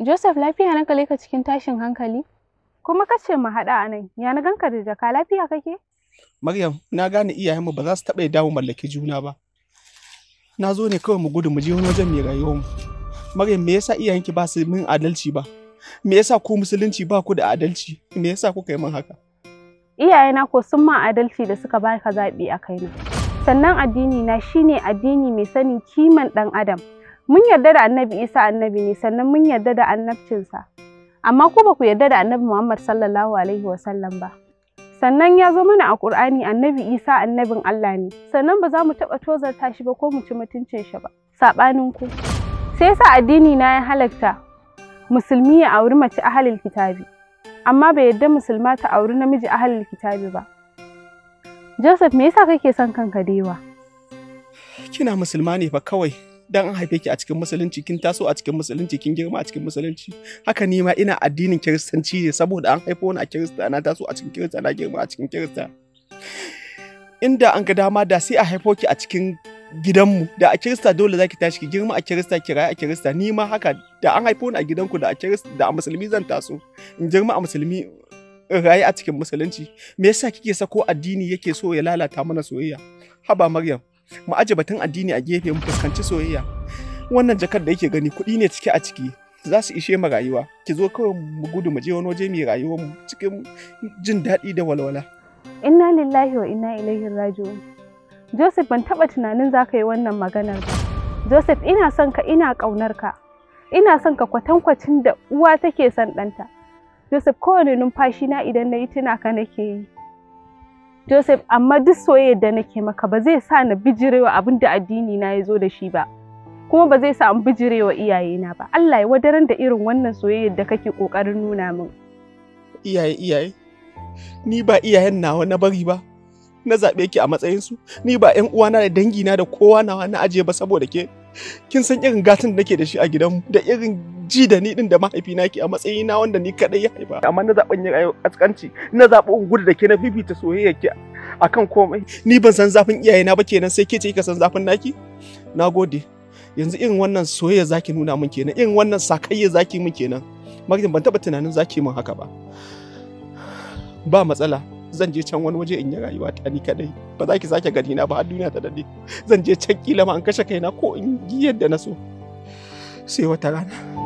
Joseph lafiya na kale ka cikin tashin hankali? Kuma ka ce mu haɗa a nan, ya na ganka da jaka lafiya kake? Maryam, na gane iyayenmu ba za su taɓa dawo mallaki juna ba. Na zo ne kawai mu gudu mu je wani wajen mai rayuwarmu. Maryam, me yasa iyayenki ba su min adalci ba? Me yasa ku musulunci ba ku da adalci? Me yasa kuka yi min haka? Iyayena ko sun ma adalci da suka ba ka zaɓi a kaina. Sannan addini na shine addini mai sani kiman ɗan Adam. mun yarda da annabi isa annabi ne sannan mun yarda da annabcinsa amma ko ba ku yarda da annabi muhammad sallallahu alaihi wasallam ba sannan ya zo mana a ƙur'ani annabi isa annabin allah ne sannan ba za mu taɓa tozarta shi ba ko mu ci mutuncin shi ba saɓanin ku sai sa addini na ya halatta musulmi ya auri mace ahalil kitabi amma bai yarda musulma ta auri namiji ahalil kitabi ba joseph me yasa kake son kanka dewa kina musulma ne fa kawai dan an haife ki a cikin musulunci kin taso a cikin musulunci kin girma a cikin musulunci haka ni ma ina addinin kiristanci ne saboda an haifo ni a kirista na taso a cikin kirista na girma a cikin kirista inda an ga dama da sai a haifo ki a cikin gidanmu da a kirista dole zaki tashi ki girma a kirista ki rayu a kirista ni ma haka da an haifo ni a gidanku da a kirista da a musulmi zan taso in girma a musulmi in rayu a cikin musulunci me yasa kike sako addini yake so ya lalata mana soyayya haba maryam mu aje batun addini a gefe mu fuskanci soyayya wannan jakar da yake gani kuɗi ne cike a ciki za su ishe mu rayuwa ki zo kawai mu gudu mu je wani waje mai rayuwar mu cikin jin daɗi da walwala inna lillahi wa inna ilaihi raji'un joseph ban taɓa tunanin za ka yi wannan maganar ba joseph ina son ka ina ƙaunar ka ina son ka kwatankwacin da uwa take son ɗanta joseph kowane numfashi na idan na yi tuna ka nake yi Joseph amma duk soyayyar da nake maka ba zai sa na bijirewa abin da addini na ya zo da shi ba kuma ba zai sa in bijirewa iyayena ba Allah ya wadaran da irin wannan soyayyar da kake kokarin nuna min iyaye iyaye ni ba iyayen nawa na bari ba na zaɓe ki a matsayin su ni ba 'yan uwana da na da kowa nawa na ajiye ba saboda ke kin san irin gatin da nake da shi a gidanmu da irin ji da ni din da mahaifina ke a matsayin na wanda ni kadai ya haifa amma na zaben yin askanci na zaɓo in gudu da ke na fifita soyayya ke akan komai ni ban san zafin na ba kenan sai ke ce ka san zafin naki nagode yanzu irin wannan soyayya zaki nuna min kenan irin wannan sakayya zaki min kenan magdin ban taba tunanin zaki min haka ba ba matsala zan je can wani waje in yi rayuwa ta ni kadai ba za ki sake gani na ba har duniya ta dade zan je can kila ma an kashe kaina ko in yi yadda na so sai wata rana